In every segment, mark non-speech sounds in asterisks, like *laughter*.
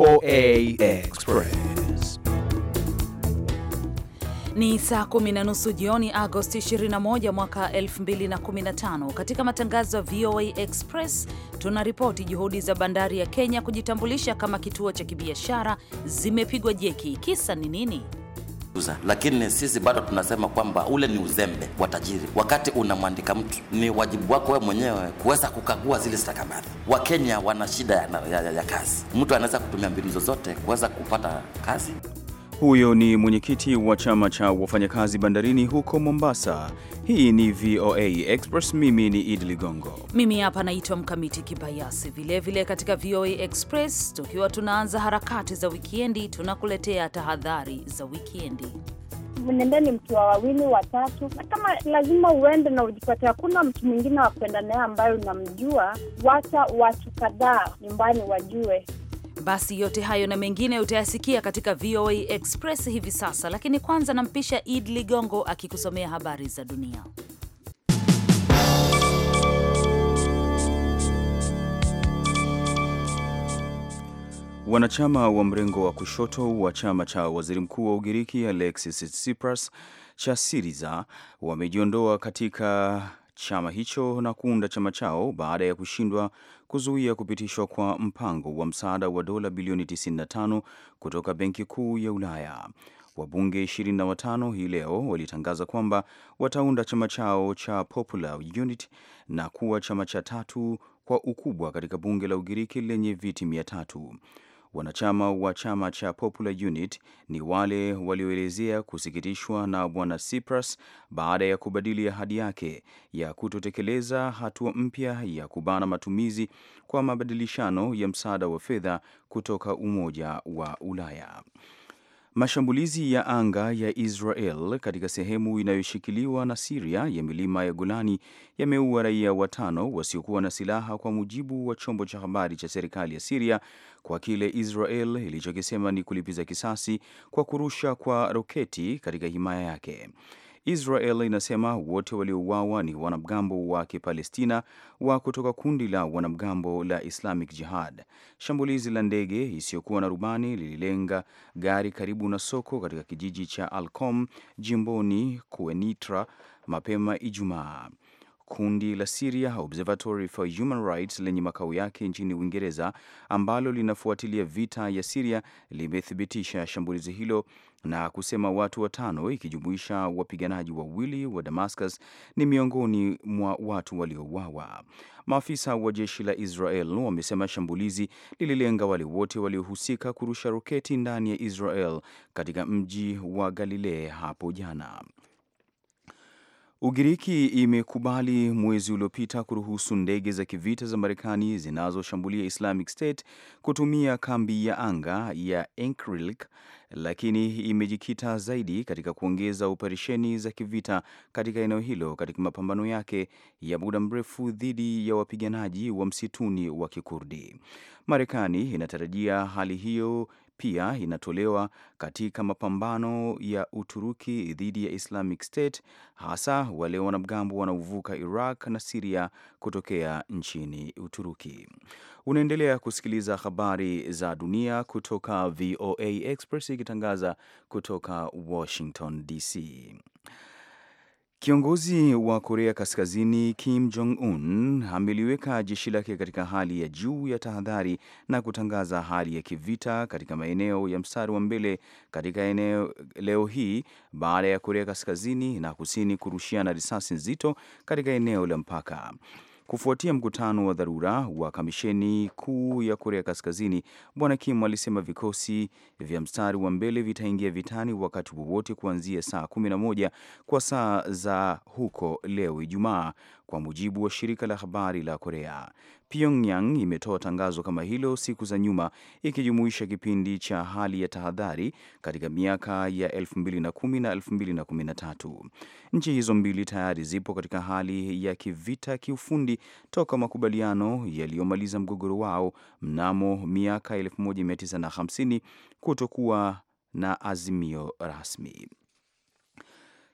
VOA Express. Ni saa kumi na nusu jioni Agosti 21 mwaka 2015. Katika matangazo ya VOA Express tunaripoti juhudi za bandari ya Kenya kujitambulisha kama kituo cha kibiashara zimepigwa jeki. Kisa ni nini? kutukuza, lakini sisi bado tunasema kwamba ule ni uzembe wa tajiri. Wakati unamwandika mtu, ni wajibu wako wewe mwenyewe kuweza kukagua zile stakabadhi. Wakenya wana shida ya, ya, ya, ya kazi. Mtu anaweza kutumia mbinu zozote kuweza kupata kazi. Huyo ni mwenyekiti wa chama cha wafanyakazi bandarini huko Mombasa. Hii ni VOA Express. Mimi ni Idi Ligongo, mimi hapa naitwa Mkamiti Kibayasi. Vilevile katika VOA Express, tukiwa tunaanza harakati za wikendi, tunakuletea tahadhari za wikiendi ni mtu wa wawili watatu, na kama lazima uende na ujipate hakuna mtu mwingine wa kwenda naye ambayo unamjua, wacha watu kadhaa nyumbani wajue basi yote hayo na mengine utayasikia katika VOA Express hivi sasa, lakini kwanza nampisha Id Ligongo akikusomea habari za dunia. Wanachama wa mrengo wa kushoto wa chama cha waziri mkuu wa Ugiriki Alexis Tsipras cha Siriza wamejiondoa katika chama hicho na kuunda chama chao baada ya kushindwa kuzuia kupitishwa kwa mpango wa msaada wa dola bilioni 95 kutoka Benki Kuu ya Ulaya. Wabunge 25 hii leo walitangaza kwamba wataunda chama chao cha Popular Unit na kuwa chama cha tatu kwa ukubwa katika bunge la Ugiriki lenye viti mia tatu. Wanachama wa chama cha Popular Unit ni wale walioelezea kusikitishwa na bwana Tsipras baada ya kubadili ahadi yake ya kutotekeleza hatua mpya ya kubana matumizi kwa mabadilishano ya msaada wa fedha kutoka Umoja wa Ulaya. Mashambulizi ya anga ya Israel katika sehemu inayoshikiliwa na Siria ya milima ya Golani yameua raia watano wasiokuwa na silaha, kwa mujibu wa chombo cha habari cha serikali ya Siria, kwa kile Israel ilichokisema ni kulipiza kisasi kwa kurusha kwa roketi katika himaya yake. Israel inasema wote waliouawa ni wanamgambo wa Kipalestina wa kutoka kundi la wanamgambo la Islamic Jihad. Shambulizi la ndege isiyokuwa na rubani lililenga gari karibu na soko katika kijiji cha Alcom jimboni Kuenitra mapema Ijumaa. Kundi la Syria Observatory for Human Rights lenye makao yake nchini Uingereza ambalo linafuatilia vita ya Syria limethibitisha shambulizi hilo na kusema watu watano ikijumuisha wapiganaji wawili wa Damascus ni miongoni mwa watu waliouawa. Maafisa wa jeshi la Israel wamesema shambulizi lililenga wale wote waliohusika kurusha roketi ndani ya Israel katika mji wa Galilea hapo jana. Ugiriki imekubali mwezi uliopita kuruhusu ndege za kivita za Marekani zinazoshambulia Islamic State kutumia kambi ya anga ya Incirlik, lakini imejikita zaidi katika kuongeza operesheni za kivita katika eneo hilo katika mapambano yake ya muda mrefu dhidi ya wapiganaji wa msituni wa Kikurdi. Marekani inatarajia hali hiyo pia inatolewa katika mapambano ya Uturuki dhidi ya Islamic State, hasa wale wanamgambo wanaovuka Iraq na Siria kutokea nchini Uturuki. Unaendelea kusikiliza habari za dunia kutoka VOA Express ikitangaza kutoka Washington DC. Kiongozi wa Korea Kaskazini Kim Jong-un ameliweka jeshi lake katika hali ya juu ya tahadhari na kutangaza hali ya kivita katika maeneo ya mstari wa mbele katika eneo leo hii baada ya Korea Kaskazini na Kusini kurushiana risasi nzito katika eneo la mpaka. Kufuatia mkutano wa dharura wa kamisheni kuu ya Korea Kaskazini, Bwana Kim alisema vikosi vya mstari wa mbele vitaingia vitani wakati wowote kuanzia saa 11 kwa saa za huko leo Ijumaa, kwa mujibu wa shirika la habari la Korea. Pyongyang imetoa tangazo kama hilo siku za nyuma, ikijumuisha kipindi cha hali ya tahadhari katika miaka ya 2010 na 2013. Nchi hizo mbili tayari zipo katika hali ya kivita kiufundi toka makubaliano yaliyomaliza mgogoro wao mnamo miaka 1950 kutokuwa na azimio rasmi.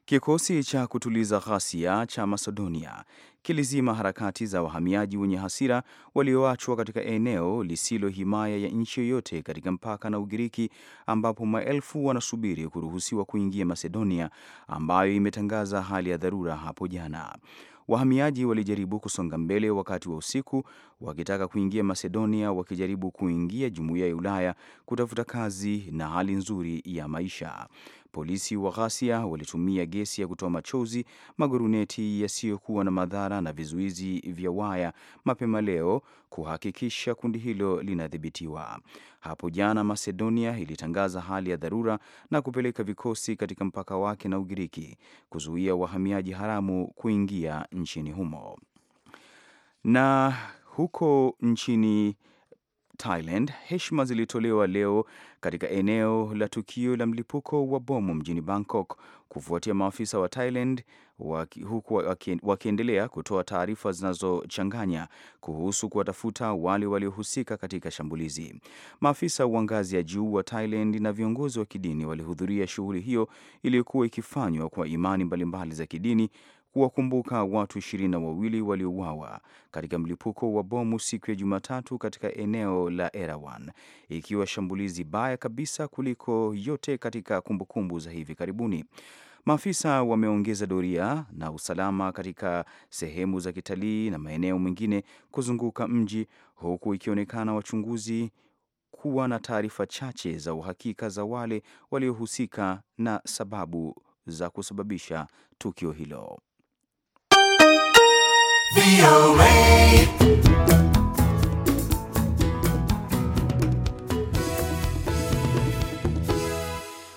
Kikosi cha kutuliza ghasia cha Macedonia kilizima harakati za wahamiaji wenye hasira walioachwa katika eneo lisilo himaya ya nchi yoyote katika mpaka na Ugiriki, ambapo maelfu wanasubiri kuruhusiwa kuingia Macedonia, ambayo imetangaza hali ya dharura hapo jana. Wahamiaji walijaribu kusonga mbele wakati wa usiku wakitaka kuingia Macedonia, wakijaribu kuingia jumuiya ya Ulaya kutafuta kazi na hali nzuri ya maisha. Polisi wa ghasia walitumia gesi ya kutoa machozi, maguruneti yasiyokuwa na madhara na vizuizi vya waya mapema leo kuhakikisha kundi hilo linadhibitiwa. Hapo jana, Macedonia ilitangaza hali ya dharura na kupeleka vikosi katika mpaka wake na Ugiriki kuzuia wahamiaji haramu kuingia nchini humo. Na huko nchini Thailand, heshima zilitolewa leo katika eneo la tukio la mlipuko wa bomu mjini Bangkok kufuatia maafisa wa Thailand waki, huku waki, wakiendelea kutoa taarifa zinazochanganya kuhusu kuwatafuta wale waliohusika katika shambulizi. Maafisa wa ngazi ya juu wa Thailand na viongozi wa kidini walihudhuria shughuli hiyo iliyokuwa ikifanywa kwa imani mbalimbali za kidini kuwakumbuka watu ishirini na wawili waliouawa katika mlipuko wa bomu siku ya Jumatatu katika eneo la Erawan, ikiwa shambulizi baya kabisa kuliko yote katika kumbukumbu za hivi karibuni. Maafisa wameongeza doria na usalama katika sehemu za kitalii na maeneo mengine kuzunguka mji, huku ikionekana wachunguzi kuwa na taarifa chache za uhakika za wale waliohusika na sababu za kusababisha tukio hilo. VOA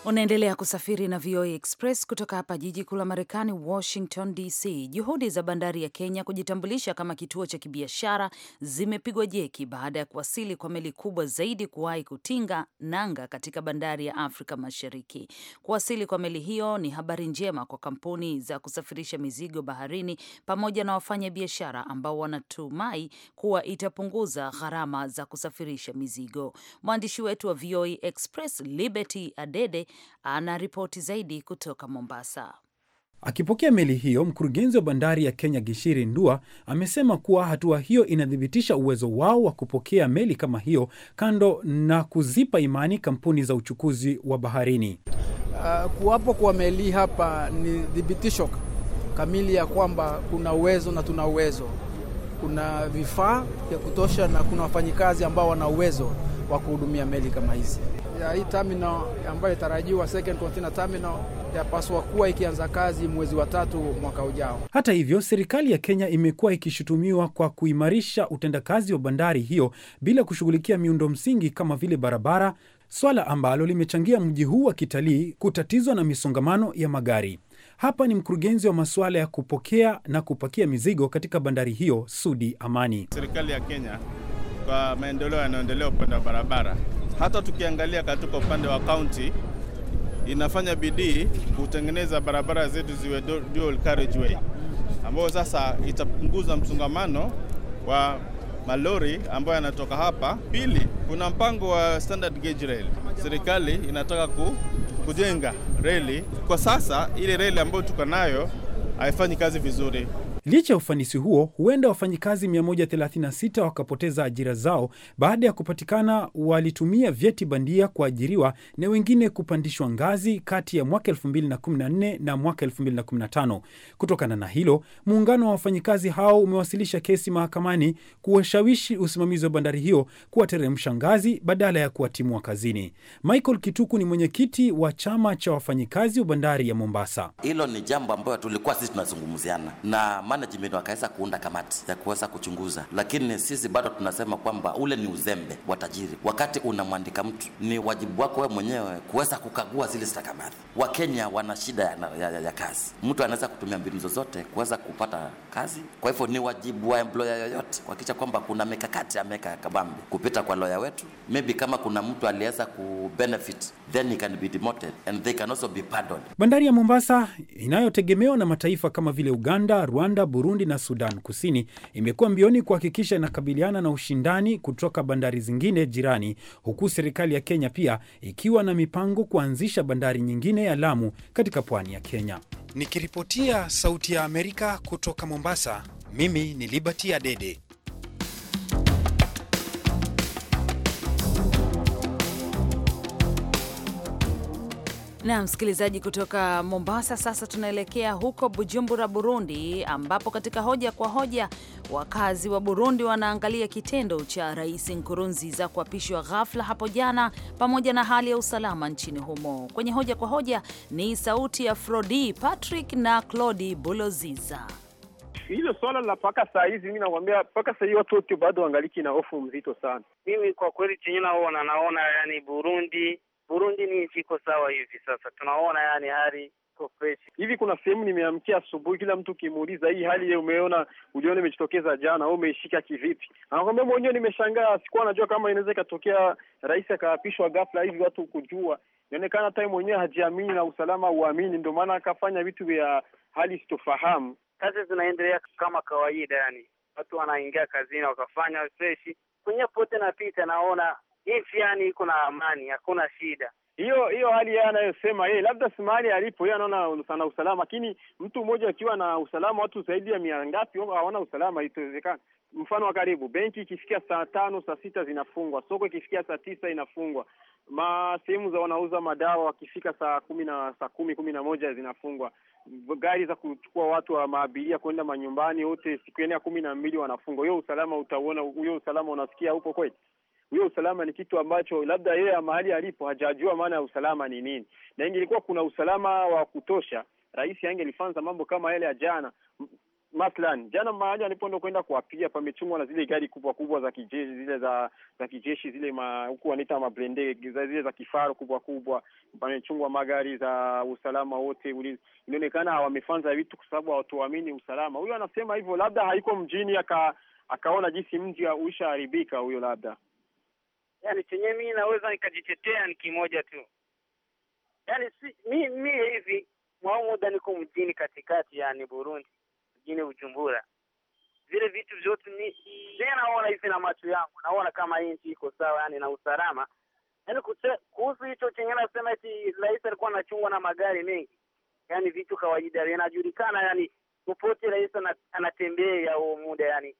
Unaendelea kusafiri na VOA Express kutoka hapa jiji kuu la Marekani, Washington DC. Juhudi za bandari ya Kenya kujitambulisha kama kituo cha kibiashara zimepigwa jeki baada ya kuwasili kwa meli kubwa zaidi kuwahi kutinga nanga katika bandari ya Afrika Mashariki. Kuwasili kwa meli hiyo ni habari njema kwa kampuni za kusafirisha mizigo baharini pamoja na wafanya biashara ambao wanatumai kuwa itapunguza gharama za kusafirisha mizigo. Mwandishi wetu wa VOA Express Liberty Adede ana ripoti zaidi kutoka Mombasa. Akipokea meli hiyo, mkurugenzi wa bandari ya Kenya Gishiri Ndua amesema kuwa hatua hiyo inathibitisha uwezo wao wa kupokea meli kama hiyo, kando na kuzipa imani kampuni za uchukuzi wa baharini. Uh, kuwapo kwa meli hapa ni thibitisho kamili ya kwamba kuna uwezo na tuna uwezo, kuna vifaa vya kutosha na kuna wafanyikazi ambao wana uwezo wa kuhudumia meli kama hizi ya hii terminal ambayo itarajiwa second container terminal yapaswa kuwa ikianza kazi mwezi wa tatu mwaka ujao. Hata hivyo, serikali ya Kenya imekuwa ikishutumiwa kwa kuimarisha utendakazi wa bandari hiyo bila kushughulikia miundo msingi kama vile barabara, swala ambalo limechangia mji huu wa kitalii kutatizwa na misongamano ya magari. Hapa ni mkurugenzi wa masuala ya kupokea na kupakia mizigo katika bandari hiyo, Sudi Amani. Serikali ya Kenya kwa maendeleo yanayoendelea upande wa barabara hata tukiangalia katika upande wa kaunti inafanya bidii kutengeneza barabara zetu ziwe dual carriageway, ambayo sasa itapunguza msongamano wa malori ambayo yanatoka hapa. Pili, kuna mpango wa standard gauge rail. Serikali inataka ku, kujenga reli. Kwa sasa ile reli ambayo tuko nayo haifanyi kazi vizuri. Licha ya ufanisi huo, huenda wafanyikazi 136 wakapoteza ajira zao baada ya kupatikana walitumia vyeti bandia kuajiriwa na wengine kupandishwa ngazi kati ya mwaka 2014 na mwaka 2015. Kutokana na hilo, muungano wa wafanyikazi hao umewasilisha kesi mahakamani kuwashawishi usimamizi wa bandari hiyo kuwateremsha ngazi badala ya kuwatimua kazini. Michael Kituku ni mwenyekiti wa chama cha wafanyikazi wa bandari ya Mombasa. Hilo ni jambo ambayo tulikuwa sisi tunazungumziana na management wakaweza kuunda kamati ya kuweza kuchunguza, lakini sisi bado tunasema kwamba ule ni uzembe wa tajiri. Wakati unamwandika mtu, ni wajibu wako wewe mwenyewe kuweza kukagua zile stakabadhi. Wakenya wana shida ya, ya, ya, ya kazi. Mtu anaweza kutumia mbinu zozote kuweza kupata kazi. Kwa hivyo ni wajibu wa employer yoyote kuhakikisha kwamba kuna mikakati ameweka kabambi kupita kwa lawyer wetu. Maybe kama kuna mtu aliweza ku benefit then he can be demoted and they can also be pardoned. Bandari ya Mombasa inayotegemewa na mataifa kama vile Uganda, Rwanda, Burundi na Sudan Kusini imekuwa mbioni kuhakikisha inakabiliana na ushindani kutoka bandari zingine jirani, huku serikali ya Kenya pia ikiwa na mipango kuanzisha bandari nyingine ya Lamu katika pwani ya Kenya. Nikiripotia Sauti ya Amerika kutoka Mombasa, mimi ni Liberty Adede. Na msikilizaji kutoka Mombasa, sasa tunaelekea huko Bujumbura, Burundi, ambapo katika hoja kwa hoja wakazi wa Burundi wanaangalia kitendo cha Rais Nkurunziza kuapishwa ghafla hapo jana pamoja na hali ya usalama nchini humo. Kwenye hoja kwa hoja ni sauti ya Frodi Patrick na Claudi Buloziza. Hilo swala la mpaka saa hizi, mi nakwambia, mpaka saa hii watu wote bado wangaliki na hofu mzito sana. Mimi kwa kweli chenye naona naona, yani Burundi Burundi ni nchi iko sawa hivi sasa, tunaona yani hali iko fresh hivi. Kuna sehemu nimeamkia asubuhi, kila mtu ukimuuliza, hii hali umeona uliona imejitokeza jana au umeishika kivipi, anakwambia mwenyewe, nimeshangaa, sikuwa najua kama inaweza ikatokea rais akaapishwa ghafla hivi, watu kujua inaonekana hata mwenyewe hajiamini na usalama uamini, ndio maana akafanya vitu vya hali sitofahamu. Kazi zinaendelea kama kawaida, yani watu wanaingia kazini wakafanya freshi, kwenye pote napita naona nchi yani iko na amani, hakuna shida. Hiyo hiyo hali yeye anayosema yeye, labda si mahali alipo yeye, anaona sana usalama, lakini mtu mmoja akiwa na usalama, watu zaidi ya mia ngapi hawana usalama? Itawezekana? Mfano wa karibu, benki ikifikia saa tano saa sita zinafungwa, soko ikifikia saa tisa inafungwa, ma sehemu za wanauza madawa wakifika saa kumi na saa kumi kumi na moja zinafungwa, gari za kuchukua watu wa maabiria kwenda manyumbani, wote siku ya kumi na mbili wanafungwa. Hiyo usalama utauona, huyo usalama unasikia upo kweli? huyo usalama ni kitu ambacho labda yeye mahali alipo hajajua maana ya usalama ni nini, na ingelikuwa kuna usalama wa kutosha, rais angelifanza mambo kama yale ya jana. Mathalan jana mahali alipoenda kwenda kuwapiga pamechungwa na zile gari kubwa kubwa za kijeshi zile za za kijeshi zile huku wanaita mablende zile za kifaru kubwa kubwa, pamechungwa magari za usalama wote. Inaonekana wamefanza vitu kwa sababu hawatuamini usalama. Huyo anasema hivyo, labda haiko mjini aka akaona jinsi mji uishaharibika huyo labda yani chenye mimi naweza nikajitetea ni kimoja tu, yani si, mi, mi hivi mwa muda niko mjini katikati, yani Burundi, mjini ujumbura vile vitu vyote ni zile naona hivi na macho yangu, naona kama hii nchi iko sawa, yani na usalama. Yani kuhusu hicho chenye nasema eti rais alikuwa anachungwa na magari mengi, yani vitu kawaida vinajulikana, yani popote rais anatembea huo muda yani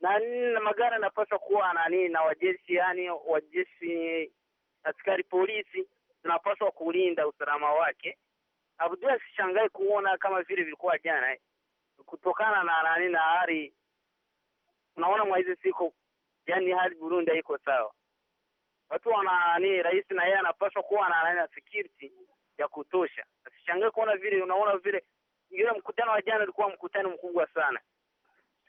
na nini, magari anapaswa kuwa na nini na wajeshi, yani wajeshi, askari polisi tunapaswa kulinda usalama wake. Abdul asishangae kuona kama vile vilikuwa jana, eh, kutokana na nani na hali unaona mwa hizi siku, yani hali Burundi haiko sawa. Watu wana nani, rais na yeye anapaswa kuwa na nani na security ya kutosha. Asishangae kuona vile, unaona vile yule mkutano wa jana ulikuwa mkutano mkubwa sana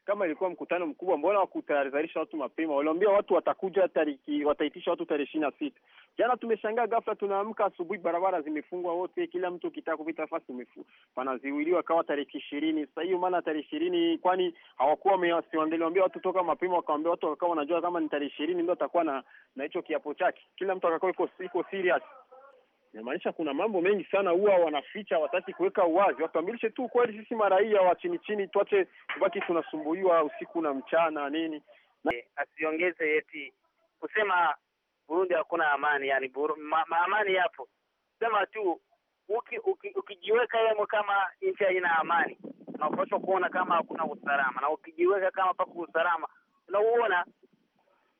kama ilikuwa mkutano mkubwa, mbona wakutayarisha watu mapema? Waliambia watu watakuja tariki, wataitisha watu tarehe ishirini na sita. Jana tumeshangaa ghafla, tunaamka asubuhi, barabara zimefungwa wote, kila mtu ukitaka kupita fasi panaziwiliwa, kawa tarehe ishirini. Sasa hiyo maana tarehe ishirini, kwani hawakuwa wangeliwambia watu toka mapema, wakawambia watu wakawa wanajua kama ni tarehe ishirini ndo atakuwa na na hicho kiapo chake, kila mtu akakuwa iko serious Inamaanisha kuna mambo mengi sana huwa wanaficha, wataki kuweka uwazi, watambilishe tu kweli Sisi maraia wa chini chini, tuache kubaki tunasumbuliwa usiku na mchana nini na... asiongeze eti kusema Burundi hakuna amani, yani buru, ma, ma amani yapo, sema tu uki, uki, ukijiweka yemo kama nchi haina amani unapaswa kuona kama hakuna usalama, na ukijiweka kama pako usalama unauona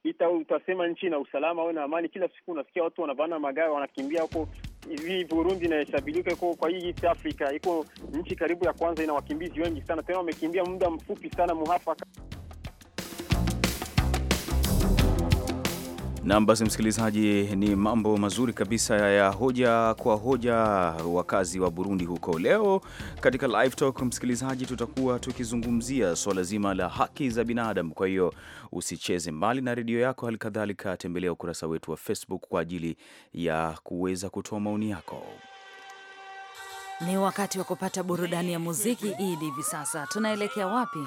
ita utasema nchi na usalama au na amani. Kila siku unasikia watu wanavana magari wanakimbia huko. Hivi Burundi inahesabilika iko kwa hii East Africa, iko nchi karibu ya kwanza ina wakimbizi wengi sana, tena wamekimbia muda mfupi sana muhafaka. Nam, basi msikilizaji, ni mambo mazuri kabisa ya hoja kwa hoja, wakazi wa Burundi huko. Leo katika live talk, msikilizaji, tutakuwa tukizungumzia swala zima la haki za binadamu. Kwa hiyo usicheze mbali na redio yako, halikadhalika tembelea ukurasa wetu wa Facebook kwa ajili ya kuweza kutoa maoni yako. Ni wakati wa kupata burudani ya muziki Idi. Hivi sasa tunaelekea wapi?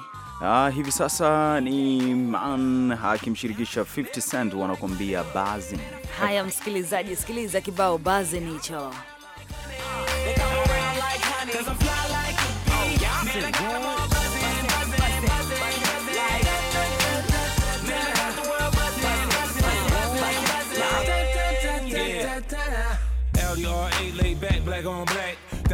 Ah, hivi sasa ni man akimshirikisha 50 Cent wanakuambia bazin. Haya msikilizaji, sikiliza kibao bazin hicho.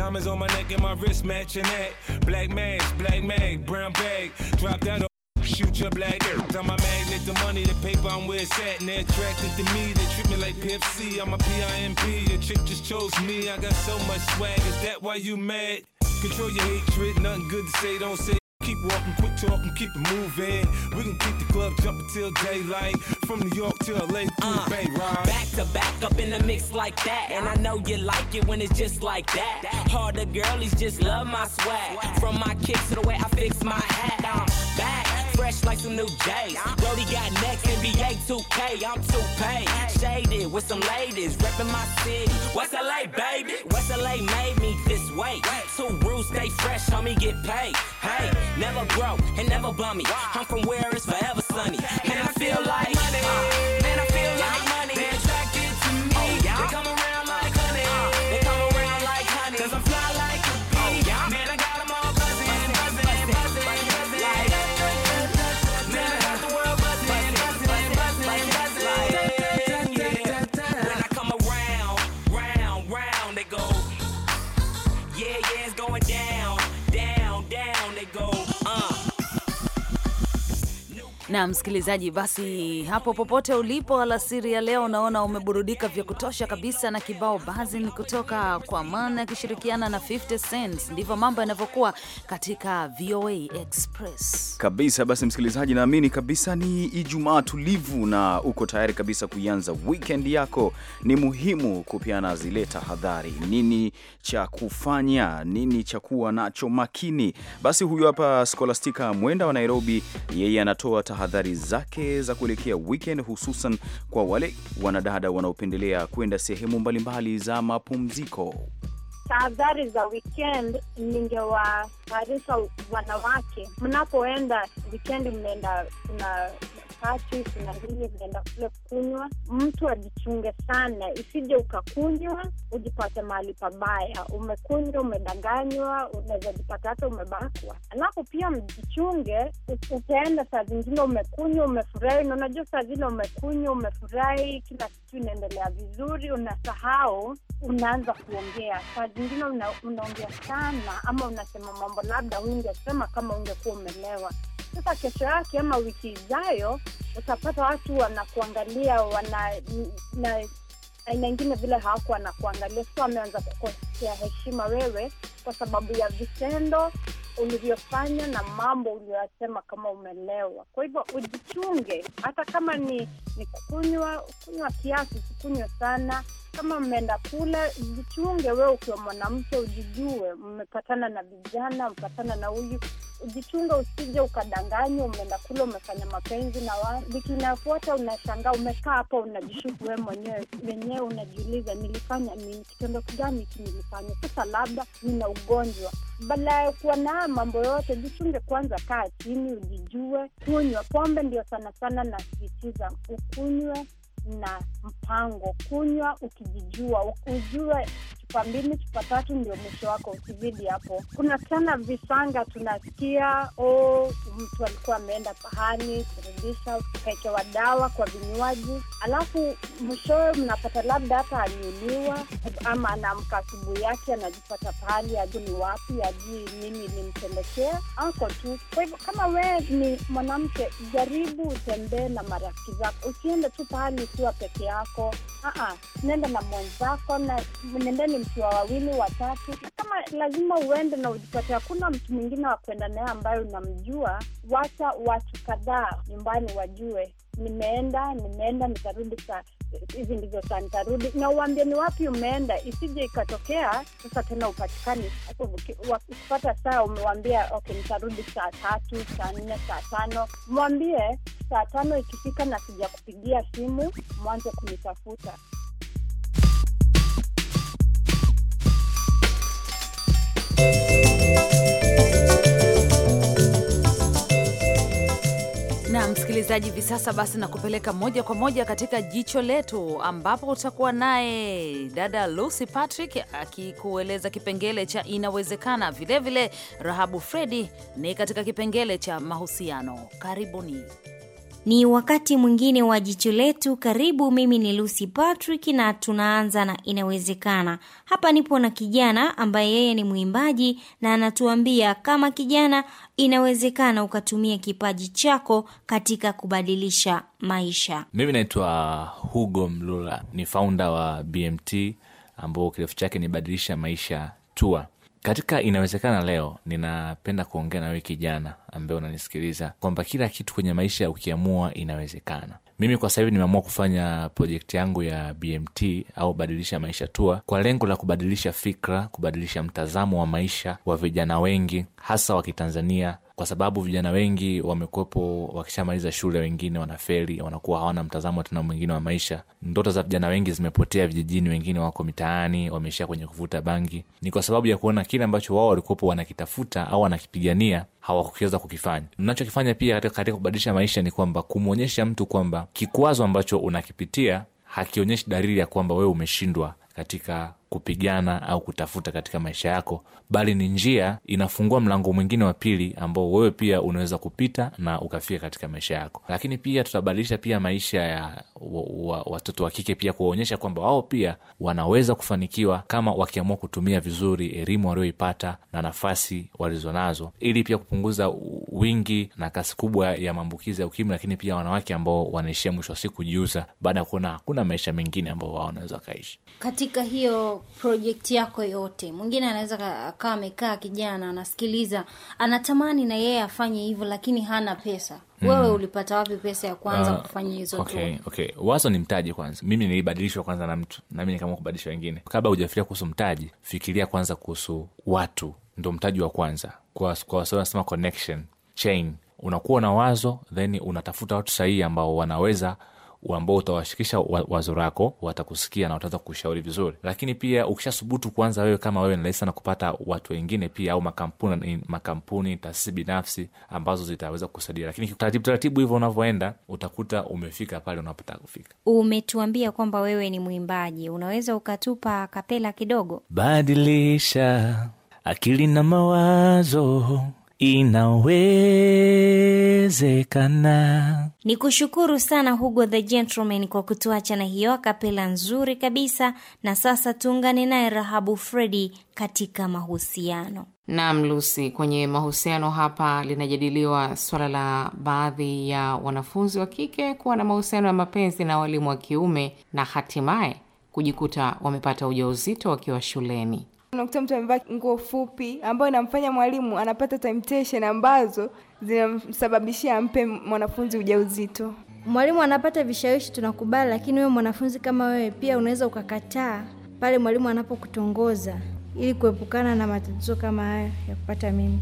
Diamonds on my neck and my wrist matching that. Black mask, black mag, brown bag. Drop that shoot your black earth. I'm a magnet, the money, the paper, I'm where it's at. And they're attracted to me, they treat me like PFC. I'm a PIMP, your chick just chose me. I got so much swag, is that why you mad? Control your hatred, nothing good to say, don't say keep walking, quit talking, keep it moving. We can keep the club jumping till daylight. From New York to LA to uh, Bay Ride. Back to back up in the mix like that. And I know you like it when it's just like that. Hard the girlies just love my swag. From my kicks to the way I fix my hat. I'm back fresh like some new J's. Brody got next, NBA 2K, I'm too paid. Shaded with some ladies, reppin' my city. West LA, baby. West LA made me this weight. Two rules stay fresh, homie, get paid. Hey, never broke and never bummy. I'm from where it's forever sunny. And I feel like. Money. Uh, na msikilizaji, basi hapo popote ulipo alasiri ya leo, unaona umeburudika vya kutosha kabisa na kibao Bazin kutoka kwa Mana akishirikiana na 50 Cent. Ndivyo mambo yanavyokuwa katika VOA Express kabisa. Basi msikilizaji, naamini kabisa ni Ijumaa tulivu na uko tayari kabisa kuianza weekend yako. Ni muhimu kupiana zile tahadhari, nini cha kufanya, nini cha kuwa nacho makini. Basi huyu hapa Skolastika Mwenda wa Nairobi, yeye anatoa tahadhari tahadhari zake za kuelekea weekend, hususan kwa wale wanadada wanaopendelea kwenda sehemu mbalimbali za mapumziko. Tahadhari za weekend, ningewataarifa wanawake, mnapoenda weekend, mnaenda kuna wakati na mbili kule kunywa. Mtu ajichunge sana, isije ukakunywa ujipate mahali pabaya. Umekunywa, umedanganywa, unaweza jipata hata umebakwa. Alafu pia mjichunge, utaenda saa zingine umekunywa, umefurahi, na unajua saa zile umekunywa, umefurahi, kila kitu inaendelea vizuri, unasahau, unaanza kuongea. Saa zingine una, unaongea sana, ama unasema mambo labda ungesema kama ungekuwa umelewa sasa kesho yake ama wiki ijayo utapata watu wanakuangalia wana na aina ingine vile hawakuwa wanakuangalia sio wameanza kukosea heshima wewe kwa sababu ya vitendo ulivyofanya na mambo ulioyasema kama umelewa. Kwa hivyo ujichunge, hata kama ni ni kukunywa, kunywa kiasi, sikunywe sana kama mmeenda kule jichunge wee ukiwa mwanamke ujijue. Mmepatana na vijana, mpatana na huyu, ujichunge usije ukadanganywa. Umeenda kule umefanya mapenzi na wa wiki inayofuata unashangaa, umekaa hapa unajishuku wee mwenyewe wenyewe, unajiuliza nilifanya ni kitendo kigani hiki nilifanya? Sasa labda nina ugonjwa. Badala ya kuwa na mambo yote, jichunge kwanza, kaa chini, ujijue. Kunywa pombe ndio sana sana nasisitiza, ukunywe na mpango. Kunywa ukijijua, ujue chupa mbili, chupa tatu ndio mwisho wako, usizidi hapo. Kuna sana visanga tunasikia, oh, mtu alikuwa ameenda pahani kurudisha, ukaekewa dawa kwa vinywaji, alafu mwishowe mnapata labda hata aliuliwa ama anaamka asubuhi yake anajipata pahali, ajui ni wapi, ajui nini ilimtendekea ako tu. Kwa hivyo kama wee ni mwanamke, jaribu utembee na marafiki zako, usiende tu pahali ukiwa peke yako. naenda nenda na mwenzako na nendeni mkiwa wawili watatu, kama lazima uende na ujipate, hakuna mtu mwingine wa kuenda naye ambayo unamjua. Wacha watu kadhaa nyumbani wajue, nimeenda nimeenda, nitarudi saa hizi ndivyo saa nitarudi, na uambie ni wapi umeenda, isije ikatokea sasa tena upatikani. Ukipata saa umewambia okay, nitarudi saa tatu, saa nne, saa tano, mwambie saa tano ikifika na sija kupigia simu, mwanze kunitafuta. na msikilizaji, hivi sasa basi nakupeleka moja kwa moja katika jicho letu, ambapo utakuwa naye dada Lucy Patrick akikueleza kipengele cha inawezekana. Vilevile Rahabu Fredi ni katika kipengele cha mahusiano. Karibuni. Ni wakati mwingine wa jicho letu. Karibu, mimi ni Lucy Patrick na tunaanza na inawezekana. Hapa nipo na kijana ambaye yeye ni mwimbaji na anatuambia kama kijana, inawezekana ukatumia kipaji chako katika kubadilisha maisha. Mimi naitwa Hugo Mlula, ni founder wa BMT ambao kirefu chake ni badilisha maisha tour katika inawezekana leo ninapenda kuongea na wewe kijana ambaye unanisikiliza kwamba kila kitu kwenye maisha ya ukiamua inawezekana mimi kwa sahivi nimeamua kufanya projekti yangu ya bmt au badilisha maisha tua kwa lengo la kubadilisha fikra kubadilisha mtazamo wa maisha wa vijana wengi hasa wa kitanzania kwa sababu vijana wengi wamekwepo wakishamaliza shule, wengine wanaferi wanakuwa hawana mtazamo tena mwingine wa maisha. Ndoto za vijana wengi zimepotea vijijini, wengine wako mitaani, wameishia kwenye kuvuta bangi. Ni kwa sababu ya kuona kile ambacho wao walikuwepo wanakitafuta au wanakipigania hawakukiweza kukifanya. Mnachokifanya pia katika, katika kubadilisha maisha ni kwamba kumwonyesha mtu kwamba kikwazo ambacho unakipitia hakionyeshi dalili ya kwamba wewe umeshindwa katika kupigana au kutafuta katika maisha yako, bali ni njia inafungua mlango mwingine wa pili ambao wewe pia unaweza kupita na ukafika katika maisha yako. Lakini pia tutabadilisha pia maisha ya watoto wa kike pia kuwaonyesha kwamba wao pia wanaweza kufanikiwa kama wakiamua kutumia vizuri elimu walioipata na nafasi walizonazo, ili pia kupunguza wingi na kasi kubwa ya maambukizi ya UKIMWI, lakini pia wanawake ambao wanaishia mwisho wa siku kujiuza baada ya kuona hakuna maisha mengine ambao wao wanaweza wakaishi katika hiyo project yako yote. Mwingine anaweza akawa amekaa kijana anasikiliza, anatamani na yeye afanye hivyo, lakini hana pesa. Mm. Wewe hmm. ulipata wapi pesa ya kwanza uh, kufanya hizo okay, Okay. Wazo ni mtaji kwanza. Mimi nilibadilishwa kwanza na mtu, nami nikaamua kubadilisha wengine. Kabla hujafikiria kuhusu mtaji, fikiria kwanza kuhusu watu, ndo mtaji wa kwanza. Kwa, kwa Waswahili connection chain. Unakuwa na wazo then unatafuta watu sahihi ambao wanaweza ambao utawashikisha wazo watakusikia na wataweza kushauri vizuri. Lakini pia ukishasubutu kuanza wewe kama wewe, nirahisi sana kupata watu wengine pia, au makampuni, makampuni taasisi binafsi ambazo zitaweza kusaidia. Lakini taratibu taratibu hivyo unavyoenda utakuta umefika pale unapotaka kufika. Umetuambia kwamba wewe ni mwimbaji, unaweza ukatupa kapela kidogo? Badilisha akili na mawazo inawezekana. Ni kushukuru sana Hugo the Gentleman kwa kutuacha na hiyo akapela nzuri kabisa, na sasa tuungane naye Rahabu Fredi katika mahusiano. nam lusi kwenye mahusiano hapa linajadiliwa swala la baadhi ya wanafunzi wa kike kuwa na mahusiano ya mapenzi na walimu wa kiume na hatimaye kujikuta wamepata ujauzito wakiwa shuleni. Unakuta mtu amevaa nguo fupi ambayo inamfanya mwalimu anapata temptation ambazo zinamsababishia ampe mwanafunzi ujauzito. Mwalimu anapata vishawishi, tunakubali, lakini wewe mwanafunzi kama wewe pia unaweza ukakataa pale mwalimu anapokutongoza ili kuepukana na matatizo kama hayo ya kupata mimi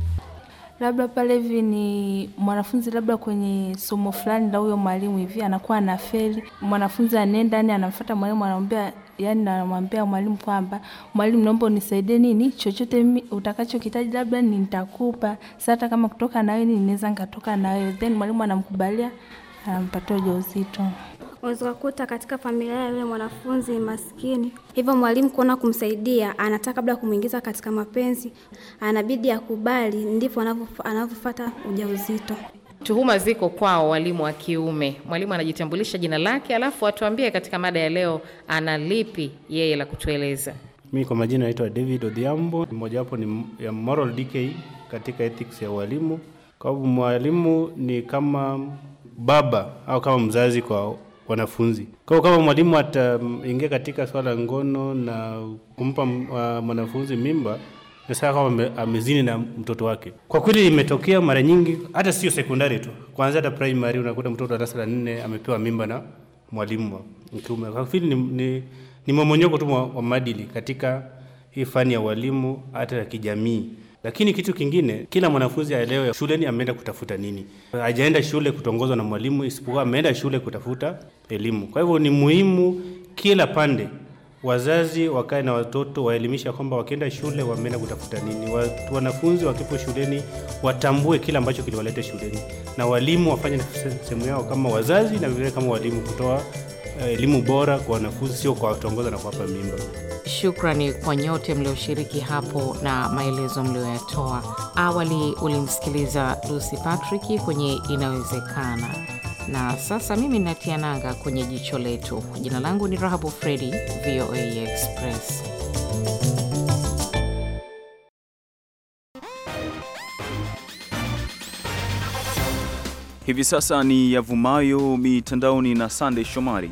labda pale hivi ni mwanafunzi labda kwenye somo fulani la huyo mwalimu hivi anakuwa na feli, mwanafunzi anaenda yani, anamfuata mwalimu anamwambia, yani anamwambia mwalimu kwamba mwalimu, naomba unisaidie nini, chochote mimi utakachokitaji labda ni nitakupa, sasa hata kama kutoka na wewe ninaweza nikatoka na wewe, then mwalimu anamkubalia, anampatia ujauzito unaweza kukuta katika familia ya yule mwanafunzi maskini, hivyo mwalimu kuona kumsaidia, anataka labda kumwingiza katika mapenzi, anabidi akubali, ndipo anavyofuata ujauzito. Tuhuma ziko kwao walimu wa kiume. Mwalimu anajitambulisha jina lake, alafu atuambie katika mada ya leo ana lipi yeye la kutueleza. Mi kwa majina naitwa David Odhiambo, mmojawapo ni ya moral DK katika ethics ya walimu, kwa sababu mwalimu ni kama baba au kama mzazi kwa wanafunzi. Kwa kama mwalimu ataingia katika swala ngono na kumpa uh, mwanafunzi mimba sasa kama amezini na mtoto wake. Kwa kweli imetokea mara nyingi, hata sio sekondari tu, kwanza hata primary unakuta mtoto darasa la nne amepewa mimba na mwalimu wa kiume. Kwa kweli ni, ni, ni momonyoko tu wa maadili katika hii fani ya walimu hata ya kijamii. Lakini kitu kingine, kila mwanafunzi aelewe shuleni ameenda kutafuta nini. Hajaenda shule kutongozwa na mwalimu, isipokuwa ameenda shule kutafuta elimu. Kwa hivyo ni muhimu kila pande wazazi wakae na watoto waelimisha kwamba wakienda shule wameenda kutafuta nini. Watu, wanafunzi wakipo shuleni watambue kile ambacho kiliwaleta shuleni, na walimu wafanye sehemu yao kama wazazi na vile kama walimu kutoa Eh, elimu bora kwa wanafunzi, sio kwa watuongoza na kuwapa mimba. Shukrani kwa nyote mlioshiriki hapo na maelezo mlioyatoa. Awali ulimsikiliza Lucy Patrick kwenye Inawezekana, na sasa mimi natia nanga kwenye Jicho Letu. Jina langu ni Rahabu Fredi, VOA Express. hivi sasa ni yavumayo mitandaoni na Sande Shomari.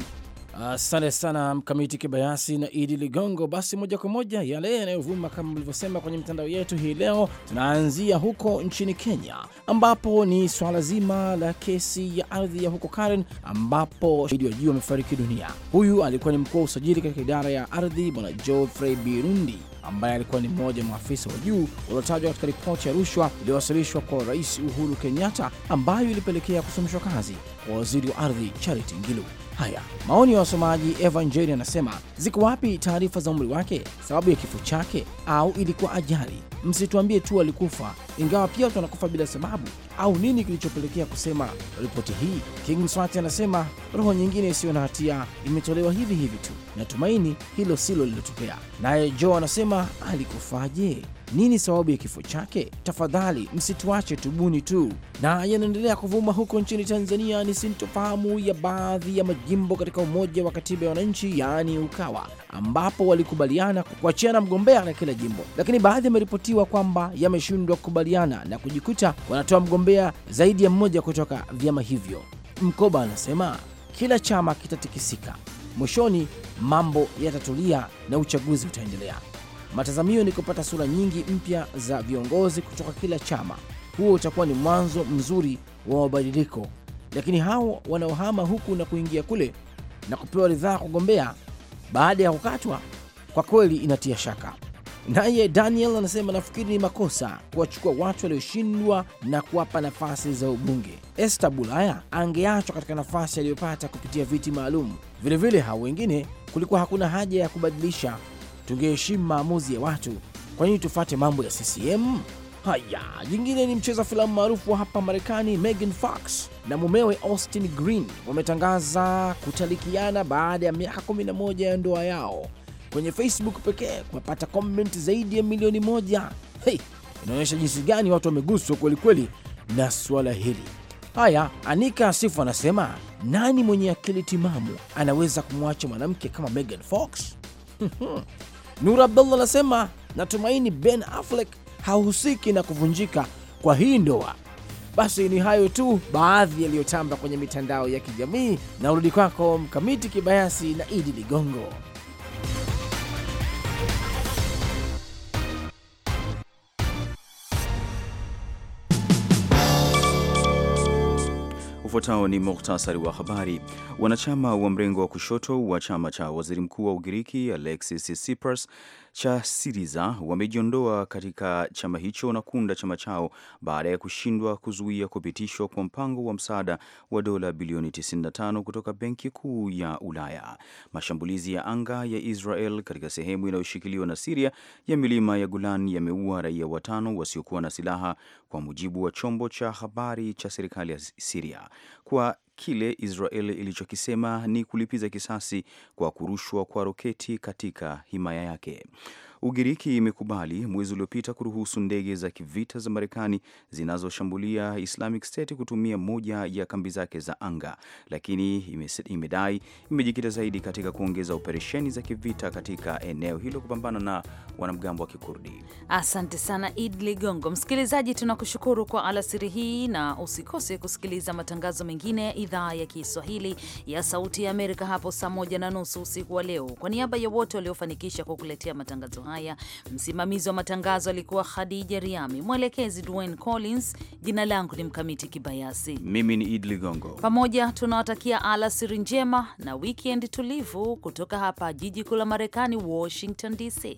Asante sana Mkamiti Kibayasi na Idi Ligongo. Basi moja kwa moja yale yanayovuma kama mlivyosema kwenye mitandao yetu hii leo, tunaanzia huko nchini Kenya, ambapo ni swala zima la kesi ya ardhi ya huko Karen, ambapo shahidi wa juu amefariki dunia. Huyu alikuwa ni mkuu wa usajili katika idara ya ardhi, Bwana Geoffrey Birundi ambaye alikuwa ni mmoja wa maafisa wa juu waliotajwa katika ripoti ya rushwa iliyowasilishwa kwa Rais Uhuru Kenyatta, ambayo ilipelekea kusimamishwa kazi kwa waziri wa ardhi Charity Ngilu. Haya maoni ya wasomaji. evangeli anasema ziko wapi taarifa za umri wake, sababu ya kifo chake, au ilikuwa ajali? Msituambie tu alikufa, ingawa pia watu wanakufa bila sababu, au nini kilichopelekea kusema ripoti hii? King Mswati anasema roho nyingine isiyo na hatia imetolewa hivi hivi tu, natumaini hilo silo lilotokea. Naye Joe anasema alikufaje? Nini sababu ya kifo chake? Tafadhali msituache tubuni tu. Na yanaendelea kuvuma huko nchini Tanzania ni sintofahamu ya baadhi ya majimbo katika Umoja wa Katiba ya Wananchi, yaani UKAWA, ambapo walikubaliana kuachiana mgombea na kila jimbo, lakini baadhi yameripotiwa kwamba yameshindwa kukubaliana na kujikuta wanatoa mgombea zaidi ya mmoja kutoka vyama hivyo. Mkoba anasema kila chama kitatikisika, mwishoni mambo yatatulia na uchaguzi utaendelea. Matazamio ni kupata sura nyingi mpya za viongozi kutoka kila chama. Huo utakuwa ni mwanzo mzuri wa mabadiliko, lakini hao wanaohama huku na kuingia kule na kupewa ridhaa kugombea baada ya kukatwa, kwa kweli inatia shaka. Naye Daniel anasema nafikiri ni makosa kuwachukua watu walioshindwa na kuwapa nafasi za ubunge. Esther Bulaya angeachwa katika nafasi aliyopata kupitia viti maalum. Vilevile hao wengine, kulikuwa hakuna haja ya kubadilisha tungeheshimu maamuzi ya watu, kwa nini tufate mambo ya CCM? Haya, jingine ni mcheza filamu maarufu wa hapa Marekani Megan Fox na mumewe Austin Green wametangaza kutalikiana baada ya miaka 11 ya ndoa yao. Kwenye Facebook pekee kumepata komenti zaidi ya milioni moja. Hey, inaonyesha jinsi gani watu wameguswa kwelikweli na suala hili. Haya, Anika Asifu anasema nani mwenye akili timamu anaweza kumwacha mwanamke kama Megan Fox? *laughs* Hmm, hmm. Nur Abdullah anasema natumaini Ben Affleck hahusiki na kuvunjika kwa hii ndoa. Basi ni hayo tu baadhi yaliyotamba kwenye mitandao ya kijamii, na urudi kwako Mkamiti Kibayasi na Idi Ligongo. Ufuatao ni muhtasari wa habari. Wanachama wa mrengo wa kushoto wa chama cha waziri mkuu wa Ugiriki Alexis Tsipras cha Siriza wamejiondoa katika chama hicho na kuunda chama chao baada ya kushindwa kuzuia kupitishwa kwa mpango wa msaada wa dola bilioni 95 kutoka Benki Kuu ya Ulaya. Mashambulizi ya anga ya Israel katika sehemu inayoshikiliwa na Siria ya milima ya gulan yameua raia watano wasiokuwa na silaha, kwa mujibu wa chombo cha habari cha serikali ya Siria. Kwa kile Israel ilichokisema ni kulipiza kisasi kwa kurushwa kwa roketi katika himaya yake. Ugiriki imekubali mwezi uliopita kuruhusu ndege za kivita za Marekani zinazoshambulia Islamic State kutumia moja ya kambi zake za anga, lakini imedai imejikita zaidi katika kuongeza operesheni za kivita katika eneo hilo kupambana na wanamgambo wa Kikurdi. Asante sana Id Ligongo. Msikilizaji, tunakushukuru kwa alasiri hii na usikose kusikiliza matangazo mengine ya idhaa ya Kiswahili ya Sauti ya Amerika hapo saa moja na nusu usiku wa leo. Kwa niaba ya wote waliofanikisha kukuletea matangazo haya haya. Msimamizi wa matangazo alikuwa Khadija Riami, mwelekezi Dwayne Collins. Jina langu ni Mkamiti Kibayasi, mimi ni Idi Ligongo. Pamoja tunawatakia alasiri njema na wikend tulivu kutoka hapa jiji kuu la Marekani, Washington DC.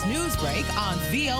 this news break on VOA.